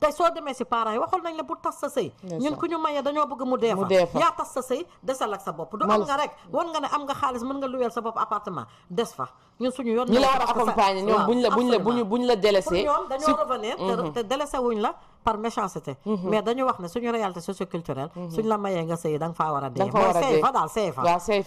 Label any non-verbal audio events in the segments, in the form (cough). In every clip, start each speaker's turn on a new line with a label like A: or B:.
A: tey soo demee si parent yi waxul nañ la bu tas sa sëy ñun ku ñu mayee dañoo bëgg mu dee yaa tas sa sëy desal ak sa bopp du nga rek wan nga ne am nga xaalis mën nga lu luweel sa bopp appartement des fa ñun suñu yoon ñu la war a accompagner ñoom buñ la buñ la buñu buñ la délaissé ñoom dañoo revenir mhm. te délaissé wuñ la par méchanceté mhm. mais dañu wax ne suñu réalité socioculturelle mhm. suñ la mayee nga sëy da nga faa war a dee mooy sëy fa daal sëy fa waaw sëy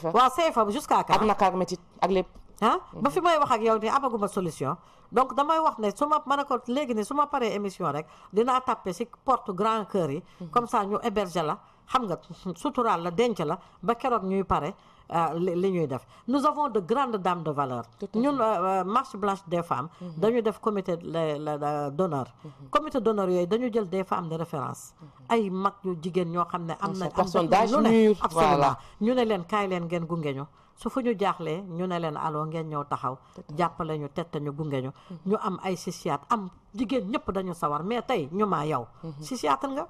A: fa waaw sëy lépp ah ba fi may wax ak yow nii amaguma solution donc damay wax ne su ma mën a ko léegi ne su ma paree émission rek dinaa tàppe si porte grand cœur yi mhm. comme ça ñu héberger la xam nga suturaal la denc la ba keroog ñuy pare Ah, li ñuy def nous avons de grande dames de valeur ñun euh, euh, marche blanche des femmes mhm. dañu def comité d'honneur mhm. comité d'honneur yooyu dañu jël des femmes de référence mhm. ay mag ñu jigéen ñoo xam ne am na am na ñu ne absolument ñu ne leen kaay leen ngeen gunge ñu su fu ñu jaaxlee ñu ne leen aloo ngeen ñëw taxaw jàppale ñu tette ñu gunge ñu ñu am ay sisiyaat am jigéen ñëpp dañu sawar mais tey ñu maa yow sisiyaatal nga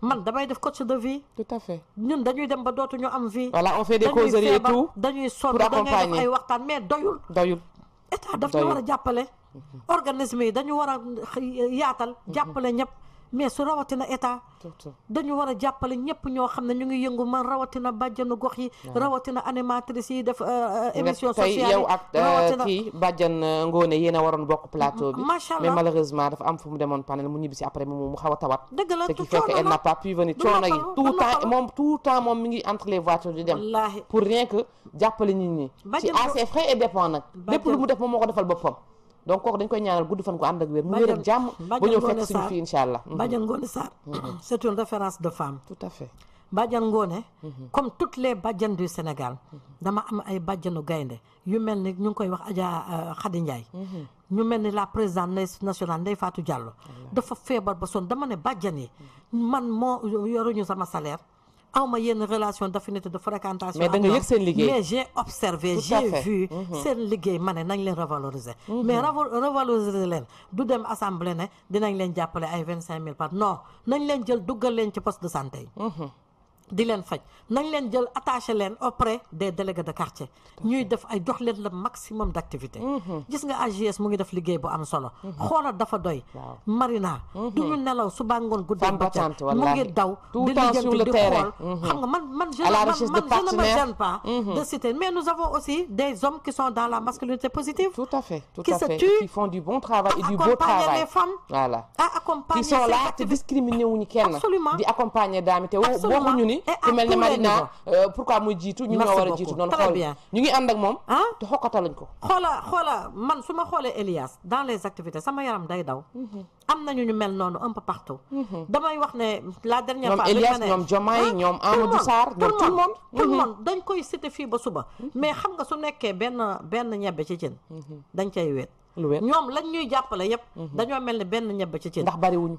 A: man damay def coach de vie. tout à fait ñun dañuy dem ba dootuñu am vie. voilà on fait des causeries et dañuy sonn dañuy def ay waxtaan mais doyul. doyul état daf ñu war a jàppale. Mhm. organisme yi dañu war a yaatal. jàppale ñëpp. mais su rawatina état dañu war a jàppale ñëpp ñoo xam ne ñu ngi yëngu man rawatina bàjjanu gox yi rawatina animatrice yi def euh, émission sociale yow ak euh, kii
B: bàjjan euh, Ngoone yéen a waroon bokk plateau bi macha allah mais malheureusement dafa am fu mu demoon panel mu ñibbisi après mu xaw a tawat dëgg la ce qui fait que elle n'a pas pu venir coono yi tout temps moom tout temps moom mi ngi entre les di dem pour rien que jàppale nit ñi ci à ses frais dépend nag lépp lu mu def moom moo ko defal boppam donc kooku dañ koy ñaanal gudd fan ko ànd ak wér mu wér ak jàmm ba ñëw fekk suñu fii incha allah mhm. Badiane
A: Ngoné Sarr mhm. (clears throat) c'est une référence de femme tout à fait mhm. comme toutes les badianes du Sénégal dama am ay badianu gaynde yu mel ni ñu ngi koy wax Adja euh, Khady Ndiaye ñu mel ni la président nationale Ndeye Fatou Diallo dafa feebar ba son dama ne badian yi man moo yoruñu sama salaire aw ma yenn relation d'affinité de fréquentation. mais da nga yëg seen liggéey mais j'ai observé. j'ai vu mhm. seen liggéey ma ne nañ leen revaloriser. Mhm. mais revaloriser leen du dem assemblée ne dinañ leen jàppale ay vingt cinq mille par no nañ leen jël duggal leen ci poste de santé di leen faj nañ leen jël attaché leen auprès des délégués de quartier ñuy def ay jox leen le maximum d' activité mhm. gis nga AJS mu ngi def liggéey bu am solo mhm. xoolal dafa doy marina mhm. du ñu nelaw suba ngoon guddi bëccëg mu ngi daw di lijjanti di xool xam nga man man je man je ne de citer mais nous avons aussi des hommes qui sont dans la masculinité positive tout à fait
B: du bon travail et du beau travail
A: les accompagner qui sont là te mi eh,
B: ah, ku mel ne Marina
A: eh, pourquoi muy ñu nga war ñu ak moom ah te xokkata lañ ko xoola xoola man su ma xoolee Elias dans les activités sama yaram day daw mhm. am nañu ñu mel noonu un peu partout mhm. damay wax ne la dernière fois Elias ñoom Diomaye ah, ñoom Amadou Sarr ñoom tout le monde tout le mhm. monde dañ koy cité ba suba mais xam nga su nekkee benn benn ñebbe ci cin dañ cay weet ñoom lañ ñuy jàppale yëpp dañoo mel ne benn ñebbe ci cin ndax bariwuñu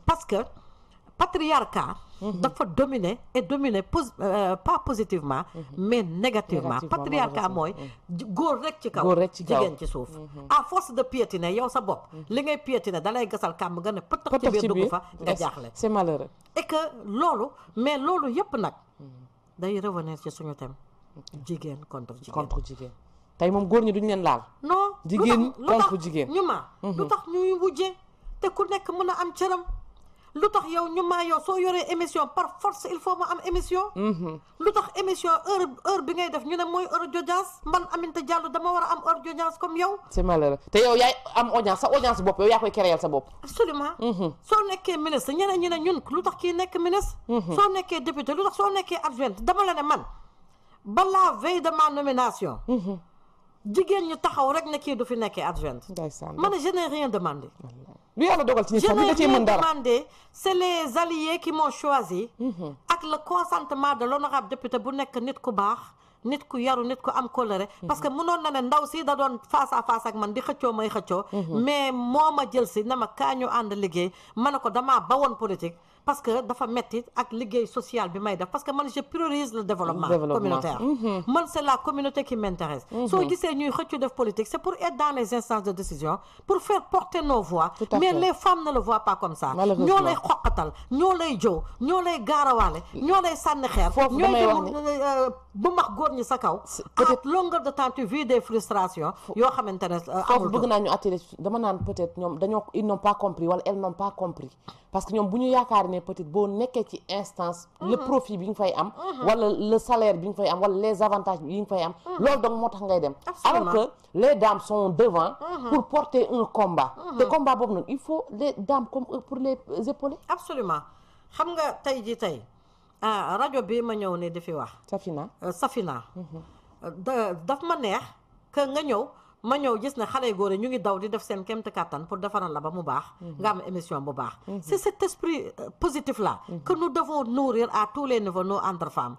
A: patriarcat mhm. dafa dominer et dominer pos euh, pas positivement mhm. mais négativement patriarcat mooy mhm. góor rek ci kaw jigéen ci suuf à force de piétiner yow sa bopp li ngay piétiner dalay gasal kàmm nga ne pëtax ci biir dugg fa nga jaaxle c'est malheureux et que loolu mais loolu yëpp nag day revenir ci suñu thème jigéen contre jigéen contre jigéen tey moom góor ñi duñu leen laal non jigéen contre jigéen ñu ma lu tax ñuy wujje te ku nekk mën a am cëram lu tax yow ñu maa yow soo yoree émission par force il faut mu am émission. Mm-hmm. lu tax émission heure heure bi ngay def ñu ne mooy heure d'audience man Aminata Diallo dama war a am heure d'audience comme yow.
B: c'est malheureux te yow yaay am audience sa audience bopp yow yaa koy créer sa bopp. absolument mm-hmm.
A: soo nekkee ministre ñeneen ñi ne ñun lu tax kii nekk ministre. Mm-hmm. soo nekkee député lu tax soo nekkee adjointe dama la ne man balaa veille de ma nomination. jigéen ñi taxaw rek ne kii du fi nekkee adjointe. man je n'ai rien demandé. lu yàlla dogal ci nit sax da cee mën dara demandé c'est les alliés qui m'ont choisi mhm. ak le consentement de l'honorable député bu nekk nit ku baax nit ku yaru nit ku am colère mhm. parce que mënoon na ne ndaw si da doon face à face ak man di xëccoo may xëccoo mhm. mais moo ma jël si na ma kaa ñu ànd liggéey ma ne ko damaa bawoon politique parce que dafa metti ak liggéey social bi may def parce que man je priorise le développement communautaire mm-hmm. man c'est la communauté qui m'intéresse mm-hmm. soo gisee ñuy xëccu def politique c'est pour être dans les instances de décision pour faire porter nos voix mais les femmes ne le voient pas comme ça ñoo lay xoqatal ñoo lay jow ñoo lay gaarawaale ñoo lay sànni xeer ñooy dem euh, euh, bu max góor ñi sa kaw peut-être longueur de temps tu vis des frustrations yoo xamante ne euh, amul bëgg naa
B: ñu attirer dama naan peut-être ñoom dañoo ils n'ont parce que ñoom bu ñu yaakaar ne peut boo nekkee ci instance le mhm. profit bi nga fay am mhm. wala le salaire bi nga fay am wala les avantages yi nga fay am mhm. loolu donc moo tax ngay dem alors que
A: les dames son devant pour porter un combat te combat boobu nag il faut le dames comme pour les épauler absolument xam nga tey ji tey ah rajo bi ma ñëw ne dafi wax Safina euh, Safina euh, daf ma neex que nga ñëw ma ñëw gis ne xale yu góor ñu ngi daw di def seen kéemte kàttan pour defaral la ba mu baax mhm. nga am émission bu baax mhm. c'est cet esprit la euh, là mhm. que nous devons nourrir à tout les niveaux nos entre femmes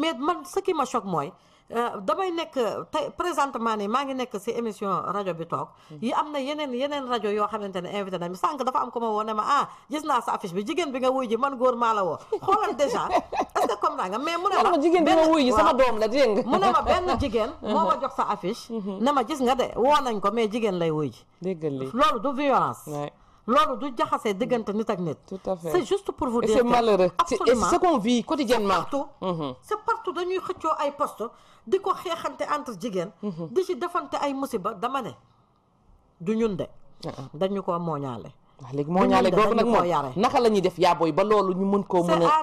A: mais man ce qui ma choque mooy Euh, damay nekk euh, tey présentement nii maa ngi nekk si émission rajo bi toog hmm. yi am na yeneen yeneen rajo yoo xamante ne invité nañu sànq dafa am ko ma woo ne ma ah gis naa sa affiche bi jigéen bi nga wuy ji man góor maa la woo (laughs) xoolal déjà est-ce que nga mais mu ne ma jigéen bi nga wuy ji sama doom la dégg nga mu na ma benn jigéen (laughs) moo ma jox sa affiche mm-hmm. ne ma gis nga de woo nañ ko mais jigéen lay wuy ji loolu du violence loolu du jaxasee diggante nit ak nit. tout c'est juste pour vous dire. c'est malheureux absolument c'est ce qu'on vit quotidiennement. partout mm-hmm. c'est partout dañuy xëccoo ay poste di ko xeexante entre jigéen. Mm-hmm. di ci defante ay musiba dama ne du ñun de. Mm-hmm. dañu ko mooñaale.
B: waaw ah, léegi moo nag moo yare naka la ñuy def yaabooy ba loolu ñu mën koo mën a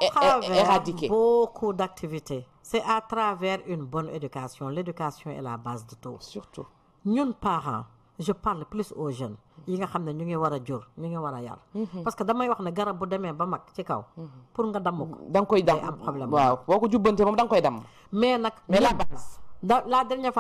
B: éradiquer
A: beaucoup d'activités c'est à travers une bonne éducation l'éducation est la base de tout surtout ñun parents je parle plus aux jeunes yi nga xam ne ñu ngi war a jur ñu ngi war a yar mhm. parce que damay wax ne garab bu demee ba mag ci kaw mhm. pour nga damm ko da nga koy damm am problème waaw boo ko jubbante moom da mais nag mais la base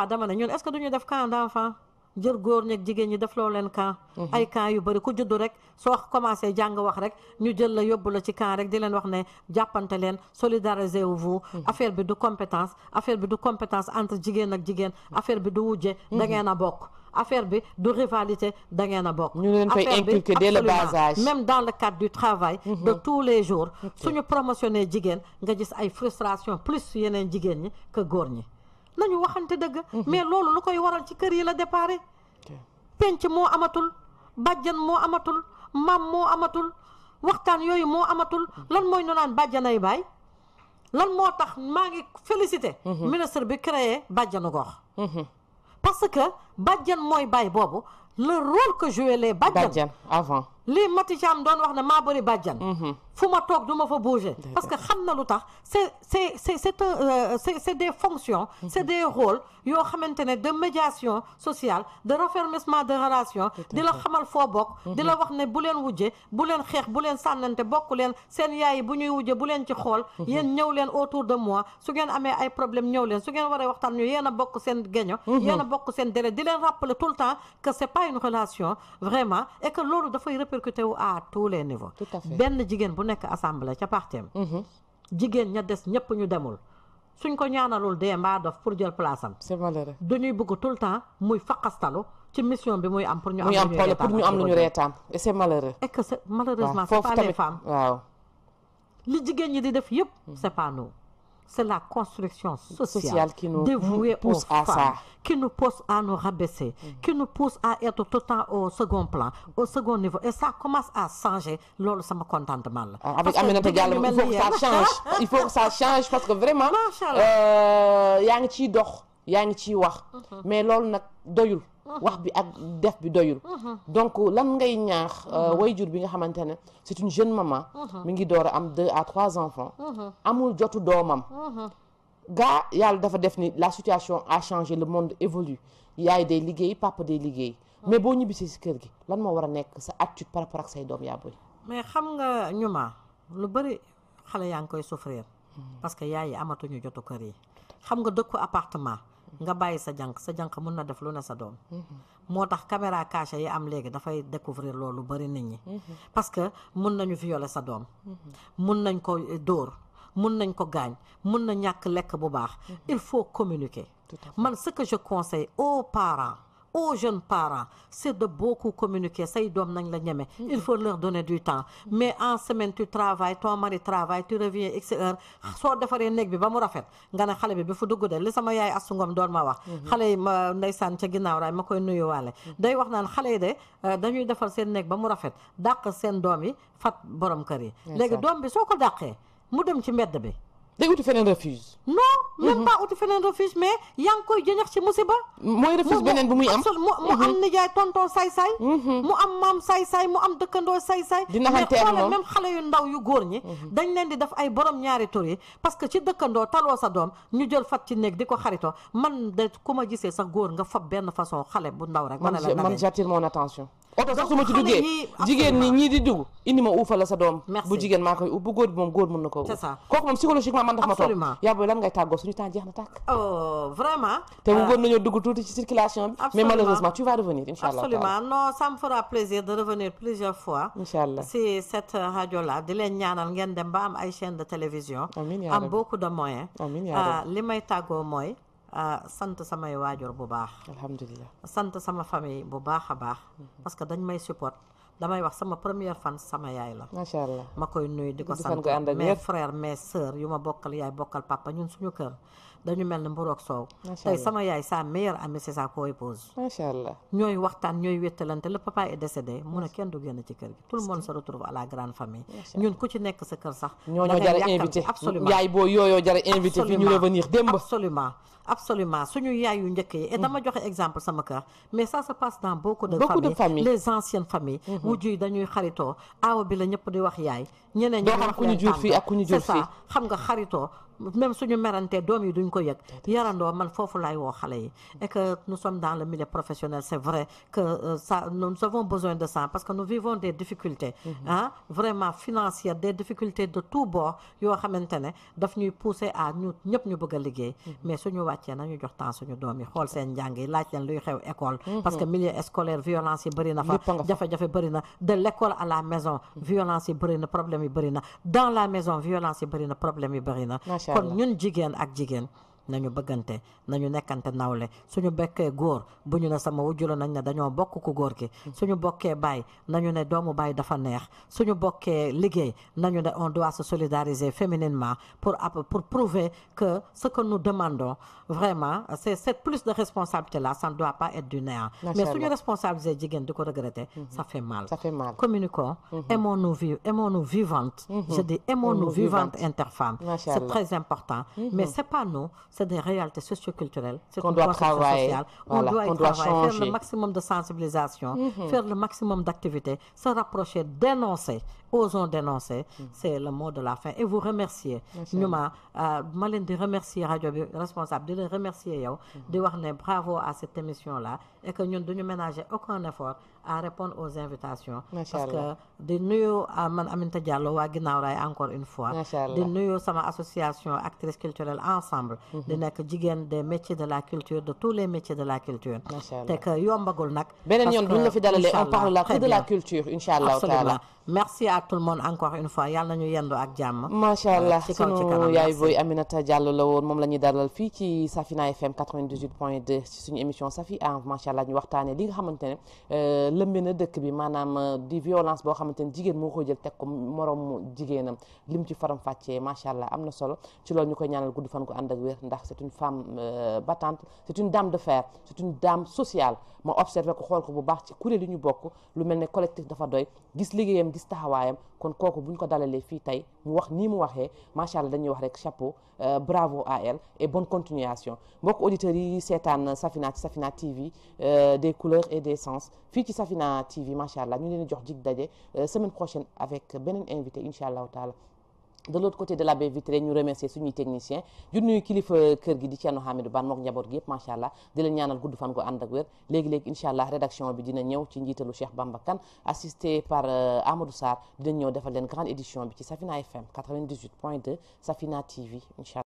A: dama ne ñun est-ce que duñu def camp d'enfant jër góor ñeeg jigéen ñi def loo leen camp mhm. ay camp yu bëri ku juddu rek soo commencé jàng wax rek ñu jël la yóbbu la ci camp rek di leen wax ne jàppante leen solidarisez vous affaire bi du compétence affaire bi du compétence entre bi du wujje da ngeen a bokk affaire bi du rivalité da ngeen a bokk. ñu leen koy inculquer dès le bas âge même dans le cadre du travail. de mhm. tous les jours. suñu promotionné jigéen nga gis ay frustration plus yeneen jigéen ñi que góor ñi nañu waxante dëgg. Mhm. mais loolu lu koy waral ci kër yi la déparé. penc moo amatul bàjjan moo amatul maam moo amatul waxtaan yooyu moo amatul mhm. lan mooy ñu naan bàjjanay baay. lan moo tax maa ngi félicité. ministre bi créé bàjjanu gox. parce que bàjjan mooy baay boobu le rôle que jouaient les bàjjan avant li Mati Thiam doon wax ne maa bëri bàjjan mhm. fu ma toog du ma fa bouger parce que xam na lu tax c'est c'est c'est euh, des fonctions mhm. c'est des rôles yoo xamante ne de médiation sociale de renfermement de relation di la xamal foo bokk mhm. di la wax ne bu leen wujje bu leen xeex bu leen sànnante bokk leen seen yaay yi bu ñuy wujje bu leen ci xool yéen ñëw leen autour de mois su ngeen amee ay problème ñëw leen su ngeen waree waxtaan ñu yéen a bokk seen géño yéen bokk seen délai di leen rappeler tout le temps que c'est pas une répercuté wu les niveaux. tout à fait benn jigéen bu nekk assemblée ca partem mhm. jigéen ña des ñëpp ñu demul. suñ ko ñaanalul dee mbaa dof pour jël place am. c'est malheureux dañuy bëgg tout le temps muy faqastalu ci mission bi muy am. pour ñu am lu ñu pour reetaan
B: et c'est malheureux.
A: malheureusement c'est pas les li jigéen ñi di def yëpp c'est c'est la construction sociale, sociale qui nous dévouée nous aux qui nous pousse à nous rabaisser, mmh. qui nous pousse à être tout temps au second plan, au second niveau. Et ça commence à changer. Lolo, ça me la mal. Ah, avec Aminata Diallo, il faut que ça change.
B: il faut que ça (laughs) change parce que vraiment, il y a un petit dor, il a un war. Mais Lolo, doyul. wax bi ak def bi doyul mhm. donc lan ngay ñaax euh, mhm. way jur bi nga xamante ne c'est une jeune maman mhm. mi ngi door am deux à trois enfants amul jotu doomam gaa yàlla dafa def ni la situation a changé le monde évolue yaay day liggéey papa day liggéey mais boo ñibbisee si kër gi lan moo war a nekk sa attitude par rapport ak say doom yaa boy
A: mais xam nga ñu ma lu bëri xale yaa ngi koy souffrir parce que yaay yi amatuñu jotu kër yi xam nga dëkku appartement nga bàyyi sa jànq sa jànq mun na def lu ne sa doom moo tax caméra cachée yi am léegi dafay découvrir loolu bari nit ñi parce que mun nañu violer sa doom mun nañ ko eh, dóor mun nañ ko gaañ mun na ñàkk lekk bu baax il faut communiquer man ce que je conseille aux parents aux jeune parent c'est de beaucoup communiquer say doom nañ la ñeme il faut leur donner du temps mais en semaine tu travailles ton mari travaille tu reviens x heure soo defaree néeg bi ba mu rafet nga ne xale bi bi fu dugg de li sama yaay Astu Ngom doon ma wax mhm. xale yi ma ndeysaan ca ginnaaw raay ma koy nuyuwaale mhm. day wax naan xale yi de euh, dañuy defar seen néeg ba mu rafet dàq seen doom yi fat borom kër yi léegi doom bi soo ko dàqee mu dem ci mbedd bi day uti feneen refuge. non même pas uti feneen refuge mais yaa ngi koy jëñax ci musiba. mooy refuge beneen bu muy am mu mm-hmm. am nijaay tonton say-say. Mm-hmm. mu am maam say-say mu am dëkkandoo say-say. di naxante ak moom même xale yu ndaw yu góor ñi. Mm-hmm. dañ leen di def ay borom ñaari tur parce que ci dëkkandoo taloo sa doom ñu jël fat ci néeg di ko xaritoo man de ku ma gisee sa góor nga fab benn façon xale bu ndaw rek. man a
B: j'attire mon attention.
A: oto sax su ma ci duggee jigéen ñi ñii di dugg indi
B: ma uufa la sa doom bu jigéen maa koy bu góor moom góor mën na ko c'est ça kooku moom psychologiquement man tax ma toog yàbooy lan ngay tàggoo suñu temps jeex na tàkk
A: oh, te mu euh, góor
B: nañoo dugg tuuti ci circulation bi mais malheureusement tu vas revenir incha allah absolument
A: non ça me fera plaisir de si cette rajo là di leen ñaanal ngeen dem ba am ay chaine de télévision am beaucoup de moyens amiin euh, li may tàggoo mooy Ah, sant samay waajur bu baax. alhamdulilah sant sama famille bu baax a baax. parce que dañ may support. damay wax sama première fan sama yaay la. macha allah ma koy nuyu di ko sant mais frères mais sœurs yu ma bokkal yaay bokkal papa ñun suñu kër. dañu mel ne mburu ak soow tey sama yaay sa meilleure amie c'est sa co-épouse ñooy waxtaan ñooy wéttalante le papa est décédé mu ne kenn du génn ci kër gi tout le monde se retrouve à la grande famille ñun ku ci nekk sa kër sax ñooñoo jara invité absolument yaay boo yooyoo jara invité fi ñu revenir démb absolument absolument suñu yaay yu njëkk yi dama mm. joxe exemple sama kër mais ça se passe dans beaucoup de familles les anciennes familles wujj mm-hmm. yi dañuy xaritoo aawa bi la ñëpp di wax yaay ñeneen ñi doo fii ak ku xam nga xaritoo même suñu merantee doom yi duñ ko yëg yarandoo man foofu laay woo xale yi et que nous sommes dans le milieu professionnel c'est vrai que euh, ça nous avons besoin de ça parce que nous vivons des difficultés mhm. vraiment financières des difficultés de tout bord yoo xamante ne daf ñuy pousser à ñu ñëpp ñu bëgg liggéey mhm. mais suñu wàccee nañu jox temps suñu doom yi xool seen njàng yi laaj leen luy xew école mhm. parce que milieu scolaire violence yi bëri na fa jafe-jafe bëri na à la maison violence bëri na problème yi bëri na dans la maison violence bëri na problème yi bëri na kon ñun jigéen ak jigéen nañu bëggante ñu nekkante nawle ñu bekkee góor bu ñu ne sama wujju la nañ ne dañoo bokk ku góor ki suñu bokkee baay ñu ne doomu baay dafa neex suñu bokkee liggéey nañu ne on doit se solidariser fémininement pour pour prouver que ce que nous demandons vraiment c'est cette plus de responsabilité là ça ne doit pas être du néant mais suñu responsabiliser jigéen di ko regretter mhm. ça fait mal communiquons mhm. aimons-nous vivre aimons-nous vivantes mhm. c'est très important mais c'est pas nous c'est des réalités socioculturelles. C'est qu'on doit travailler. Sociale. faire le maximum de sensibilisation, mm -hmm. faire le maximum d'activités, se rapprocher, dénoncer, osons dénoncer. Mm-hmm. C'est le mot de la fin. Et vous remercier. Numa, euh, ma leen di remercier rajo bi responsable di leen remercier yow. Mm-hmm. di wax ne bravo à cette émission là et que ñun duñu ménager aucun effort. à répondre aux invitations. parce que di nuyu ah, man Aminta Diallo waa ginnaaw raay encore une fois. di nuyu sama association actrice culturelle ensemble. Mhm. di nekk jigéen des métiers de la culture de tous les métiers de la culture. te que yombagul nag. beneen yoon bu fi dalalee on parle là que de la culture incha allah taala merci à tout le monde encore une fois yàlla nañu yendu ak jàmm. macha euh, allah sunu yaay booy
B: woon moom la ñuy dalal fii ci Safina FM 98 point 2 ci suñu émission Safi ah ñu waxtaanee li nga xamante ne. Euh, lëmbee na dëkk bi maanaam euh, di violence boo xamante ni jigéen moo ko jël teg ko moroom jigéenam lim ci faram fàccee macha allah am na solo ci loolu ñu koy ñaanal gudd fan ko ànd ak wér ndax c'est une femme euh, battante c'est une dame de fer c'est une dame sociale ma observé ko xool ko bu baax ci kuréel yi ñu bokk lu mel ne collectif dafa doy gis liggéeyam gis taxawaayam kon kooku bu ko dalalee fii tey mu wax nii mu waxee macha allah dañuy wax rek chapeau euh, bravo à elle et continuation mbokk auditeurs yi seetaan Safina ci Safina TV des et des sens Safina TV macha allah ñu leen jox jig daje euh, semaine prochaine avec beneen invité incha allahu taala de côté de la baie vitrée ñu remercier suñuy technicien di nuyu kilifa kër gi di Thierno Hamidou Bane mook njaboot gi yëpp macha allah di leen ñaanal gudd fan ko ànd ak wér léegi-léegi incha allah rédaction bi dina ñëw ci njiitalu Cheikh Bamba Kane assisté par euh, Amadou Sarr dina ñëw defal leen grande édition bi ci Safina FM 98 point 2 Safina TV incha